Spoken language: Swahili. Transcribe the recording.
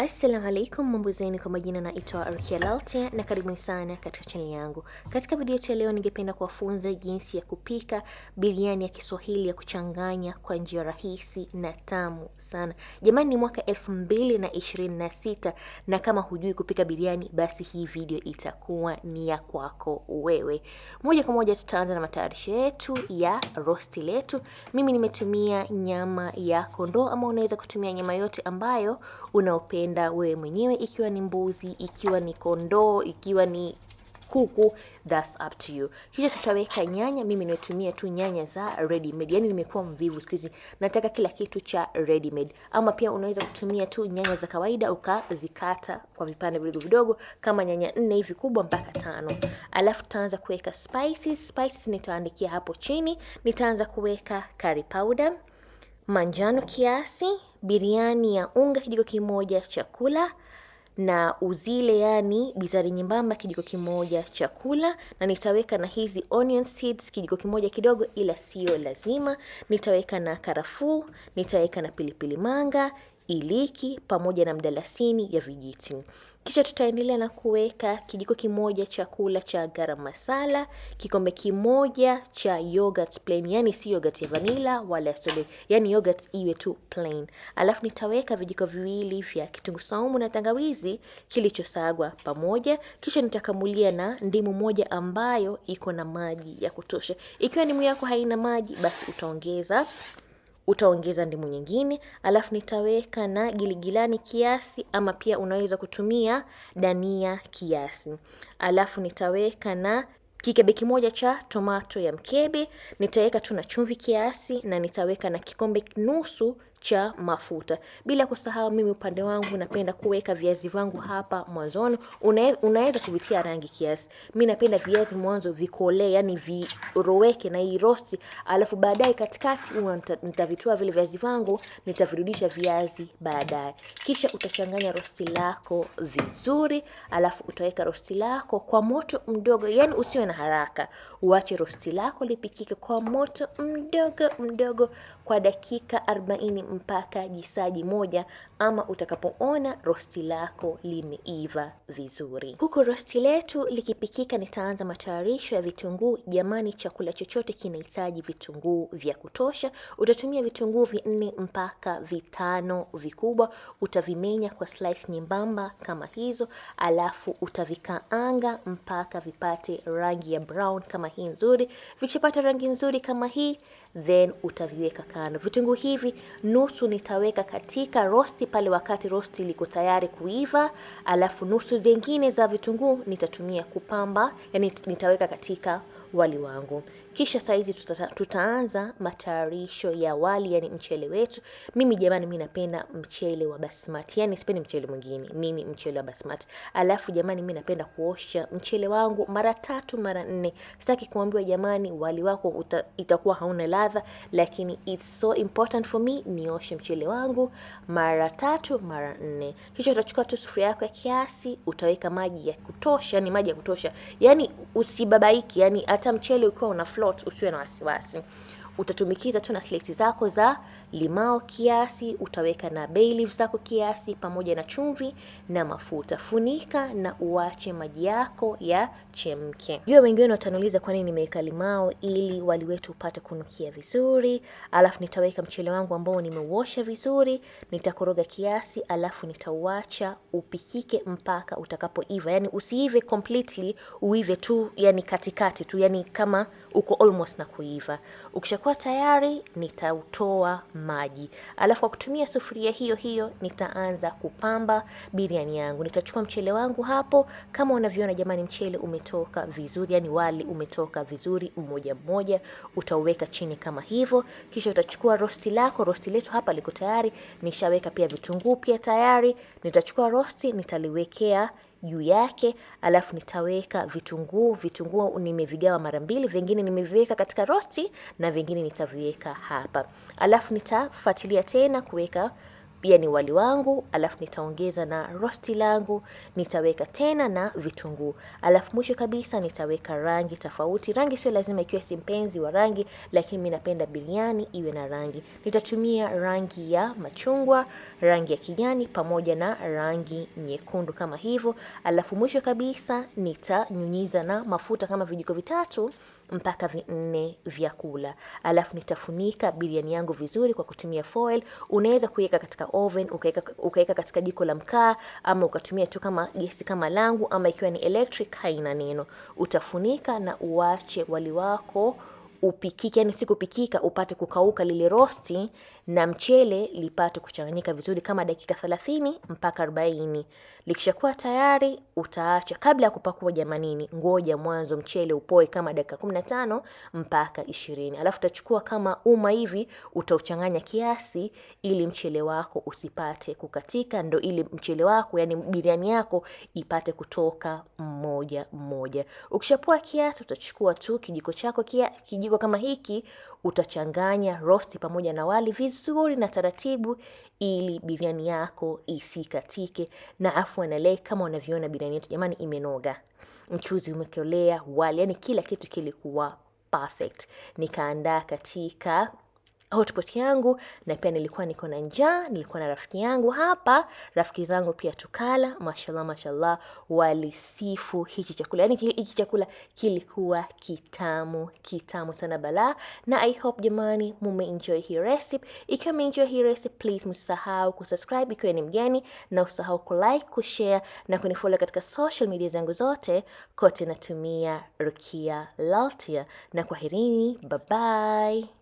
Assalamu alaikum, mambo zenu? kwa majina naitwa Rukia Lalte na karibuni sana katika chaneli yangu. Katika video yetu ya leo, ningependa kuwafunza jinsi ya kupika biriani ya Kiswahili ya kuchanganya kwa njia rahisi na tamu sana. Jamani, ni mwaka elfu mbili na ishirini na sita na kama hujui kupika biriani, basi hii video itakuwa ni ya kwako wewe. Moja kwa moja tutaanza na matayarisho yetu ya rosti letu. Mimi nimetumia nyama ya kondoo ama unaweza kutumia nyama yote ambayo unaopenda unayopenda wewe mwenyewe, ikiwa ni mbuzi, ikiwa ni kondoo, ikiwa ni kuku, that's up to you. Kisha tutaweka nyanya. Mimi nimetumia tu nyanya za ready made, yani nimekuwa mvivu siku hizi, nataka kila kitu cha ready made. Ama pia unaweza kutumia tu nyanya za kawaida ukazikata kwa vipande vidogo vidogo, kama nyanya nne hivi kubwa mpaka tano. Alafu tutaanza kuweka spices. Spices nitaandikia hapo chini. Nitaanza kuweka curry powder manjano kiasi, biriani ya unga kijiko kimoja chakula na uzile yani bizari nyembamba kijiko kimoja chakula, na nitaweka na hizi onion seeds kijiko kimoja kidogo, ila sio lazima. Nitaweka na karafuu, nitaweka na pilipili manga, iliki pamoja na mdalasini ya vijiti. Kisha tutaendelea na kuweka kijiko kimoja cha kula cha garam masala, kikombe kimoja cha yogurt plain, yani si yogurt ya vanilla wala sobe, yani yogurt iwe tu plain. Alafu nitaweka vijiko viwili vya kitunguu saumu na tangawizi kilichosagwa pamoja, kisha nitakamulia na ndimu moja ambayo iko na maji ya kutosha. Ikiwa ndimu yako haina maji, basi utaongeza utaongeza ndimu nyingine, alafu nitaweka na giligilani kiasi, ama pia unaweza kutumia dania kiasi, alafu nitaweka na kikebe kimoja cha tomato ya mkebe, nitaweka tu na chumvi kiasi, na nitaweka na kikombe nusu cha mafuta. Bila kusahau, mimi upande wangu napenda kuweka viazi vangu hapa mwanzoni. Unaweza kuvitia rangi kiasi. Mimi napenda viazi mwanzo vikolee, yani viroweke na hii rosti, alafu baadaye katikati huwa nitavitoa vile viazi vangu, nitavirudisha viazi baadaye. Kisha utachanganya rosti lako vizuri, alafu utaweka rosti lako kwa moto mdogo, yani usiwe na haraka. Uache rosti lako lipikike kwa moto mdogo mdogo kwa dakika 40 mpaka jisaji moja ama utakapoona rosti lako limeiva vizuri. Huku rosti letu likipikika, nitaanza matayarisho ya vitunguu. Jamani, chakula chochote kinahitaji vitunguu vya kutosha. Utatumia vitunguu vinne mpaka vitano vikubwa, utavimenya kwa slice nyembamba kama hizo, alafu utavikaanga mpaka vipate rangi ya brown kama hii nzuri. Vikishapata rangi nzuri kama hii then utaviweka kando. Vitunguu hivi nusu nitaweka katika rosti pale wakati rosti liko tayari kuiva, alafu nusu zingine za vitunguu nitatumia kupamba, yani nitaweka katika wali wangu. Kisha saizi tuta, tutaanza matayarisho ya wali, yani mchele wetu. Mimi jamani, mimi napenda mchele wa basmati, yani sipendi mchele mwingine, mimi mchele wa basmati. Alafu jamani, mimi napenda kuosha mchele wangu mara tatu mara nne. Sitaki kuambiwa jamani, wali wako uta, itakuwa hauna ladha, lakini it's so important for me nioshe mchele wangu mara tatu mara nne. Kisha utachukua tu sufuria yako ya kiasi, utaweka maji ya kutosha, ni maji ya kutosha, yani usibabaiki, yani hata mchele ukiwa una float usiwe na wasiwasi utatumikiza tu na sleti zako za limao kiasi, utaweka na bay leaf zako kiasi, pamoja na chumvi na mafuta. Funika na uache maji yako chemke. Jua wengi wenu watanuliza kwa nini nimeweka limao, ili wali wetu upate kunukia vizuri. Alafu nitaweka mchele wangu ambao nimeuosha vizuri, nitakoroga kiasi, alafu nitauacha upikike mpaka utakapoiva, yani usiive completely, uive tu yani katikati tu, yani kama uko almost na kuiva ukisha Ikishakuwa tayari nitautoa maji, alafu kwa kutumia sufuria hiyo hiyo nitaanza kupamba biriani yangu. Nitachukua mchele wangu hapo, kama unavyoona jamani, mchele umetoka vizuri, yani wali umetoka vizuri, mmoja mmoja utauweka chini kama hivyo, kisha utachukua rosti lako. Rosti letu hapa liko tayari, nishaweka pia vitunguu pia tayari. Nitachukua rosti nitaliwekea juu yake, alafu nitaweka vitunguu. Vitunguu nimevigawa mara mbili, vingine nimeviweka katika rosti na vingine nitaviweka hapa, alafu nitafuatilia tena kuweka pia ni wali wangu, alafu nitaongeza na rosti langu, nitaweka tena na vitunguu, alafu mwisho kabisa nitaweka rangi tofauti. Rangi sio lazima ikiwa si mpenzi wa rangi, lakini mimi napenda biriani iwe na rangi. Nitatumia rangi ya machungwa, rangi ya kijani pamoja na rangi nyekundu kama hivyo, alafu mwisho kabisa nitanyunyiza na mafuta kama vijiko vitatu mpaka vinne vya kula, alafu nitafunika biriani yangu vizuri kwa kutumia foil. Unaweza kuiweka katika oven, ukaweka ukaweka katika jiko la mkaa, ama ukatumia tu kama gesi kama langu, ama ikiwa ni electric, haina neno. Utafunika na uache wali wako upikike, yani si kupikika, upate kukauka lile rosti na mchele lipate kuchanganyika vizuri kama dakika 30 mpaka 40. Likishakuwa tayari utaacha. Kabla ya kupakua, jamanini, ngoja mwanzo mchele upoe kama dakika 15 mpaka 20. Alafu utachukua kama uma hivi utauchanganya kiasi ili mchele wako usipate kukatika, ndo ili mchele wako yani biriani yako ipate kutoka mmoja mmoja. Ukishapoa kiasi utachukua tu kijiko chako kia, kijiko kijiko kama hiki utachanganya rosti pamoja na wali vizuri na taratibu, ili biriani yako isikatike. Na afu analei, kama unavyoona biriani yetu jamani, imenoga, mchuzi umekolea, wali, yani kila kitu kilikuwa perfect. Nikaandaa katika hotpot yangu na pia nilikuwa niko na njaa, nilikuwa na rafiki yangu hapa, rafiki zangu pia tukala. Mashallah, mashallah, walisifu hichi chakula, Yani hichi chakula kilikuwa kitamu kitamu sana bala Na I hope jamani, enjoy hii recipe. Ikiwa enjoy hii recipe, please msisahau kusubscribe ikiwa ni mgeni, na usahau ku share na kunifollow katika social media zangu zote, kote natumia Rukia Laltia, na kwaherini, bye bye.